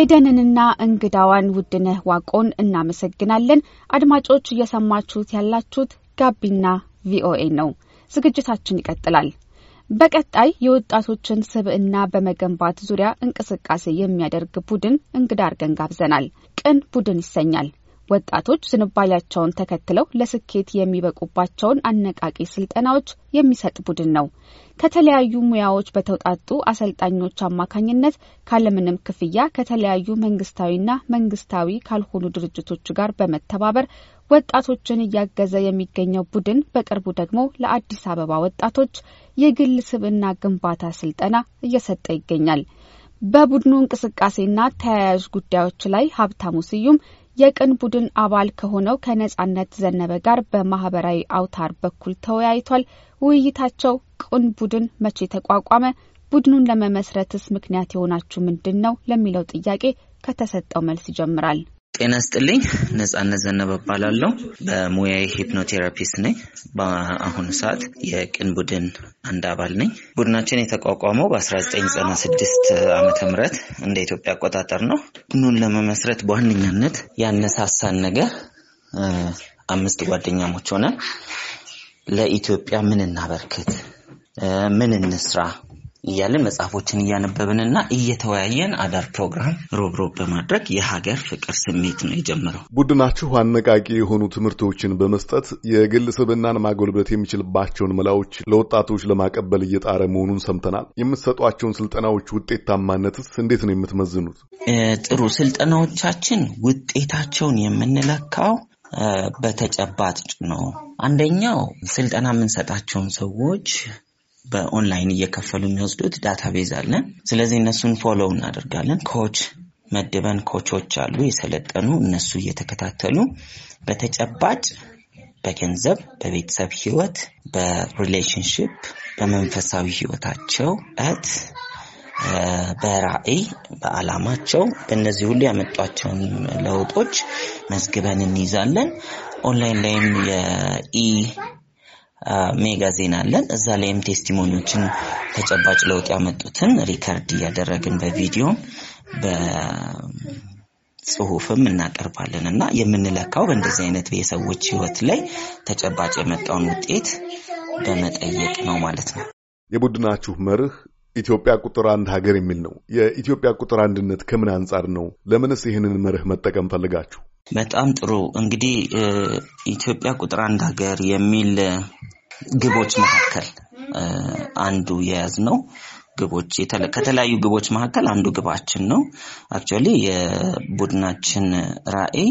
ኤደንንና እንግዳዋን ውድነህ ዋቆን እናመሰግናለን። አድማጮች እየሰማችሁት ያላችሁት ጋቢና ቪኦኤ ነው። ዝግጅታችን ይቀጥላል። በቀጣይ የወጣቶችን ስብዕና በመገንባት ዙሪያ እንቅስቃሴ የሚያደርግ ቡድን እንግዳ አርገን ጋብዘናል። ቅን ቡድን ይሰኛል። ወጣቶች ዝንባሌያቸውን ተከትለው ለስኬት የሚበቁባቸውን አነቃቂ ስልጠናዎች የሚሰጥ ቡድን ነው። ከተለያዩ ሙያዎች በተውጣጡ አሰልጣኞች አማካኝነት ካለምንም ክፍያ ከተለያዩ መንግስታዊና መንግስታዊ ካልሆኑ ድርጅቶች ጋር በመተባበር ወጣቶችን እያገዘ የሚገኘው ቡድን በቅርቡ ደግሞ ለአዲስ አበባ ወጣቶች የግል ስብዕና ግንባታ ስልጠና እየሰጠ ይገኛል። በቡድኑ እንቅስቃሴና ተያያዥ ጉዳዮች ላይ ሀብታሙ ስዩም የቅን ቡድን አባል ከሆነው ከነጻነት ዘነበ ጋር በማህበራዊ አውታር በኩል ተወያይቷል። ውይይታቸው ቅን ቡድን መቼ ተቋቋመ፣ ቡድኑን ለመመስረትስ ምክንያት የሆናችሁ ምንድን ነው ለሚለው ጥያቄ ከተሰጠው መልስ ይጀምራል። ጤና ስጥልኝ። ነጻነት ዘነበ እባላለሁ። በሙያ ሂፕኖቴራፒስት ነኝ። በአሁኑ ሰዓት የቅን ቡድን አንድ አባል ነኝ። ቡድናችን የተቋቋመው በ1996 ዓ ምህረት እንደ ኢትዮጵያ አቆጣጠር ነው። ቡድኑን ለመመስረት በዋነኛነት ያነሳሳን ነገር አምስት ጓደኛሞች ሆነን ለኢትዮጵያ ምን እናበርክት፣ ምን እንስራ እያለን መጽሐፎችን እያነበብንና እየተወያየን አዳር ፕሮግራም ሮብሮ በማድረግ የሀገር ፍቅር ስሜት ነው የጀመረው። ቡድናችሁ አነቃቂ የሆኑ ትምህርቶችን በመስጠት የግል ስብናን ማጎልበት የሚችልባቸውን መላዎች ለወጣቶች ለማቀበል እየጣረ መሆኑን ሰምተናል። የምትሰጧቸውን ስልጠናዎች ውጤታማነትስ እንዴት ነው የምትመዝኑት? ጥሩ ስልጠናዎቻችን ውጤታቸውን የምንለካው በተጨባጭ ነው። አንደኛው ስልጠና የምንሰጣቸውን ሰዎች በኦንላይን እየከፈሉ የሚወስዱት ዳታቤዝ አለን። ስለዚህ እነሱን ፎሎው እናደርጋለን። ኮች መድበን ኮቾች አሉ የሰለጠኑ እነሱ እየተከታተሉ በተጨባጭ በገንዘብ በቤተሰብ ህይወት፣ በሪሌሽንሽፕ፣ በመንፈሳዊ ህይወታቸው እት በራዕይ በዓላማቸው በእነዚህ ሁሉ ያመጧቸውን ለውጦች መዝግበን እንይዛለን። ኦንላይን ላይም የኢ ሜጋ ዜና አለን። እዛ ላይም ቴስቲሞኒዎችን ተጨባጭ ለውጥ ያመጡትን ሪከርድ እያደረግን በቪዲዮም በጽሁፍም እናቀርባለን እና የምንለካው በእንደዚህ አይነት የሰዎች ህይወት ላይ ተጨባጭ የመጣውን ውጤት በመጠየቅ ነው ማለት ነው። የቡድናችሁ መርህ ኢትዮጵያ ቁጥር አንድ ሀገር የሚል ነው። የኢትዮጵያ ቁጥር አንድነት ከምን አንጻር ነው? ለምንስ ይህንን መርህ መጠቀም ፈልጋችሁ? በጣም ጥሩ እንግዲህ ኢትዮጵያ ቁጥር አንድ ሀገር የሚል ግቦች መካከል አንዱ የያዝ ነው ግቦች ከተለያዩ ግቦች መካከል አንዱ ግባችን ነው። አክቹዋሊ የቡድናችን ራዕይ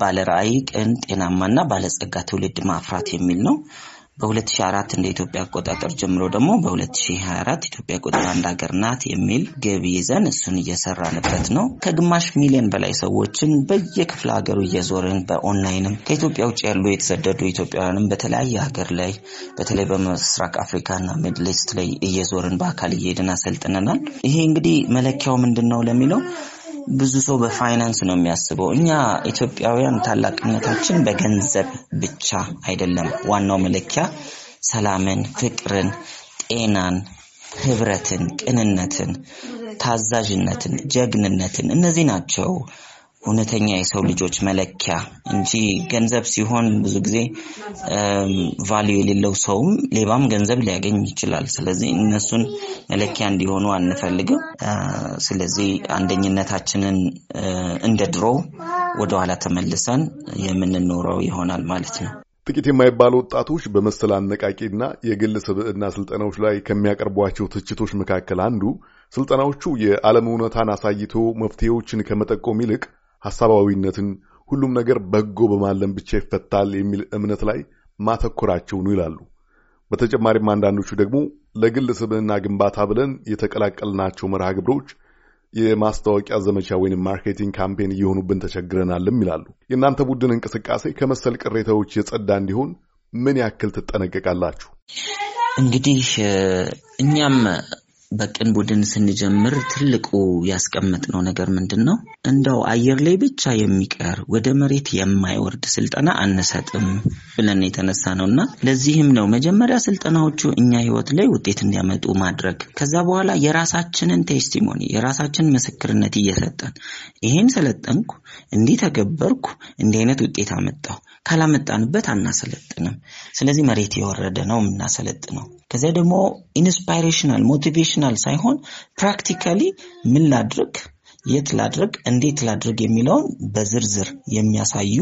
ባለ ራዕይ ቅን ጤናማና ባለጸጋ ትውልድ ማፍራት የሚል ነው። በ2004 እንደ ኢትዮጵያ አቆጣጠር ጀምሮ ደግሞ በ2024 ኢትዮጵያ ቁጥር አንድ ሀገር ናት የሚል ገቢ ይዘን እሱን እየሰራንበት ነው። ከግማሽ ሚሊዮን በላይ ሰዎችን በየክፍለ ሀገሩ እየዞርን በኦንላይንም ከኢትዮጵያ ውጭ ያሉ የተሰደዱ ኢትዮጵያውያንም በተለያየ ሀገር ላይ በተለይ በምስራቅ አፍሪካና ሚድልስት ላይ እየዞርን በአካል እየሄድን አሰልጥነናል። ይሄ እንግዲህ መለኪያው ምንድን ነው ለሚለው ብዙ ሰው በፋይናንስ ነው የሚያስበው። እኛ ኢትዮጵያውያን ታላቅነታችን በገንዘብ ብቻ አይደለም። ዋናው መለኪያ ሰላምን፣ ፍቅርን፣ ጤናን፣ ህብረትን፣ ቅንነትን፣ ታዛዥነትን፣ ጀግንነትን እነዚህ ናቸው። እውነተኛ የሰው ልጆች መለኪያ እንጂ ገንዘብ ሲሆን ብዙ ጊዜ ቫሊዩ የሌለው ሰውም ሌባም ገንዘብ ሊያገኝ ይችላል። ስለዚህ እነሱን መለኪያ እንዲሆኑ አንፈልግም። ስለዚህ አንደኝነታችንን እንደ ድሮ ወደኋላ ተመልሰን የምንኖረው ይሆናል ማለት ነው። ጥቂት የማይባሉ ወጣቶች በመሰል አነቃቂና የግል ስብዕና ስልጠናዎች ላይ ከሚያቀርቧቸው ትችቶች መካከል አንዱ ስልጠናዎቹ የዓለም እውነታን አሳይቶ መፍትሄዎችን ከመጠቆም ይልቅ ሐሳባዊነትን ሁሉም ነገር በጎ በማለም ብቻ ይፈታል የሚል እምነት ላይ ማተኮራቸው ነው ይላሉ። በተጨማሪም አንዳንዶቹ ደግሞ ለግል ስብዕና ግንባታ ብለን የተቀላቀልናቸው መርሃ ግብሮች የማስታወቂያ ዘመቻ ወይም ማርኬቲንግ ካምፔን እየሆኑብን ተቸግረናልም ይላሉ። የእናንተ ቡድን እንቅስቃሴ ከመሰል ቅሬታዎች የጸዳ እንዲሆን ምን ያክል ትጠነቀቃላችሁ? እንግዲህ እኛም በቅን ቡድን ስንጀምር ትልቁ ያስቀመጥነው ነገር ምንድን ነው? እንደው አየር ላይ ብቻ የሚቀር ወደ መሬት የማይወርድ ስልጠና አንሰጥም ብለን የተነሳ ነው እና ለዚህም ነው መጀመሪያ ስልጠናዎቹ እኛ ህይወት ላይ ውጤት እንዲያመጡ ማድረግ፣ ከዛ በኋላ የራሳችንን ቴስቲሞኒ የራሳችን ምስክርነት እየሰጠን ይሄን ሰለጠንኩ እንዲህ ተገበርኩ፣ እንዲህ አይነት ውጤት አመጣሁ ካላመጣንበት አናሰለጥንም። ስለዚህ መሬት የወረደ ነው የምናሰለጥነው። ከዚያ ደግሞ ኢንስፓይሬሽናል ሞቲቬሽናል ሳይሆን ፕራክቲካሊ ምን ላድርግ፣ የት ላድርግ፣ እንዴት ላድርግ የሚለውን በዝርዝር የሚያሳዩ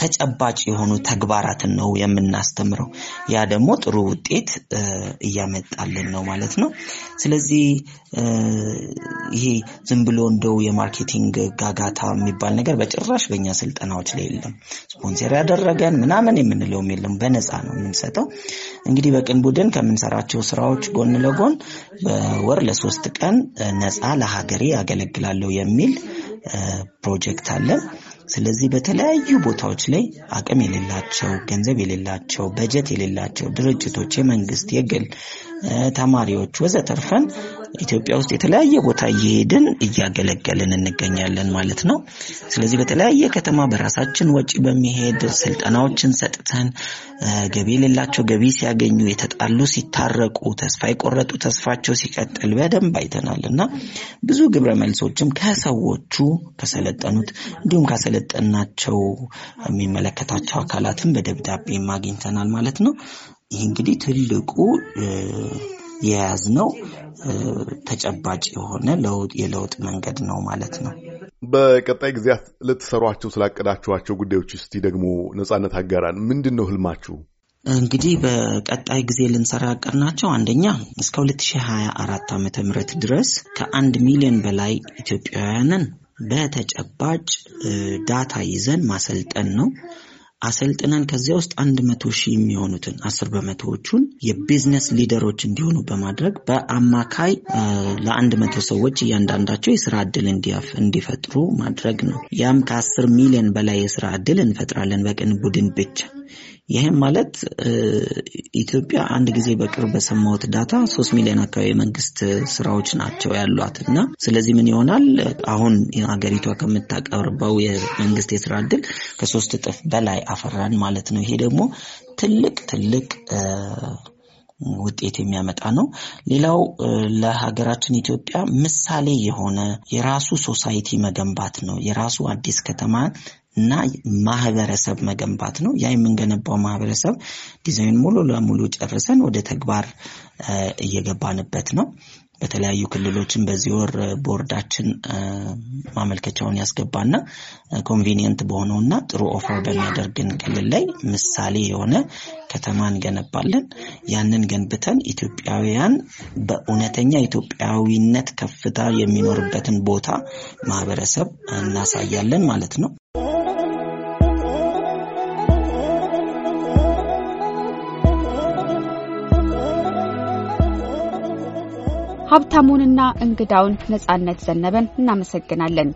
ተጨባጭ የሆኑ ተግባራትን ነው የምናስተምረው። ያ ደግሞ ጥሩ ውጤት እያመጣልን ነው ማለት ነው። ስለዚህ ይሄ ዝም ብሎ እንደው የማርኬቲንግ ጋጋታ የሚባል ነገር በጭራሽ በእኛ ስልጠናዎች ላይ የለም። ስፖንሰር ያደረገን ምናምን የምንለውም የለም። በነፃ ነው የምንሰጠው። እንግዲህ በቅን ቡድን ከምንሰራቸው ስራዎች ጎን ለጎን በወር ለሶስት ቀን ነፃ ለሀገሬ ያገለግላለሁ የሚል ፕሮጀክት አለን። ስለዚህ በተለያዩ ቦታዎች ላይ አቅም የሌላቸው ገንዘብ የሌላቸው በጀት የሌላቸው ድርጅቶች፣ የመንግስት፣ የግል ተማሪዎች ወዘተርፈን ኢትዮጵያ ውስጥ የተለያየ ቦታ እየሄድን እያገለገልን እንገኛለን ማለት ነው። ስለዚህ በተለያየ ከተማ በራሳችን ወጪ በሚሄድ ስልጠናዎችን ሰጥተን ገቢ የሌላቸው ገቢ ሲያገኙ፣ የተጣሉ ሲታረቁ፣ ተስፋ የቆረጡ ተስፋቸው ሲቀጥል በደንብ አይተናል እና ብዙ ግብረ መልሶችም ከሰዎቹ ከሰለጠኑት እንዲሁም ካሰለጠናቸው የሚመለከታቸው አካላትም በደብዳቤ አግኝተናል ማለት ነው። ይህ እንግዲህ ትልቁ የያዝነው ተጨባጭ የሆነ የለውጥ መንገድ ነው ማለት ነው። በቀጣይ ጊዜያት ልትሰሯቸው ስላቀዳችኋቸው ጉዳዮች እስቲ ደግሞ ነጻነት አጋራን። ምንድን ነው ህልማችሁ? እንግዲህ በቀጣይ ጊዜ ልንሰራ ያቀድናቸው አንደኛ እስከ 2024 ዓ ም ድረስ ከአንድ ሚሊዮን በላይ ኢትዮጵያውያንን በተጨባጭ ዳታ ይዘን ማሰልጠን ነው። አሰልጥነን ከዚያ ውስጥ አንድ መቶ ሺህ የሚሆኑትን አስር በመቶዎቹን የቢዝነስ ሊደሮች እንዲሆኑ በማድረግ በአማካይ ለአንድ መቶ ሰዎች እያንዳንዳቸው የስራ እድል እንዲፈጥሩ ማድረግ ነው። ያም ከአስር ሚሊዮን በላይ የስራ እድል እንፈጥራለን በቅን ቡድን ብቻ። ይህም ማለት ኢትዮጵያ አንድ ጊዜ በቅርብ በሰማሁት ዳታ ሶስት ሚሊዮን አካባቢ የመንግስት ስራዎች ናቸው ያሏት እና ስለዚህ ምን ይሆናል አሁን ሀገሪቷ ከምታቀርበው የመንግስት የስራ እድል ከሶስት እጥፍ በላይ አፈራን ማለት ነው። ይሄ ደግሞ ትልቅ ትልቅ ውጤት የሚያመጣ ነው። ሌላው ለሀገራችን ኢትዮጵያ ምሳሌ የሆነ የራሱ ሶሳይቲ መገንባት ነው። የራሱ አዲስ ከተማ እና ማህበረሰብ መገንባት ነው። ያ የምንገነባው ማህበረሰብ ዲዛይን ሙሉ ለሙሉ ጨርሰን ወደ ተግባር እየገባንበት ነው። በተለያዩ ክልሎችን በዚህ ወር ቦርዳችን ማመልከቻውን ያስገባና ኮንቬኒየንት በሆነውና ጥሩ ኦፈር በሚያደርግን ክልል ላይ ምሳሌ የሆነ ከተማ እንገነባለን። ያንን ገንብተን ኢትዮጵያውያን በእውነተኛ ኢትዮጵያዊነት ከፍታ የሚኖርበትን ቦታ ማህበረሰብ እናሳያለን ማለት ነው። ሀብታሙንና እንግዳውን ነጻነት ዘነበን እናመሰግናለን።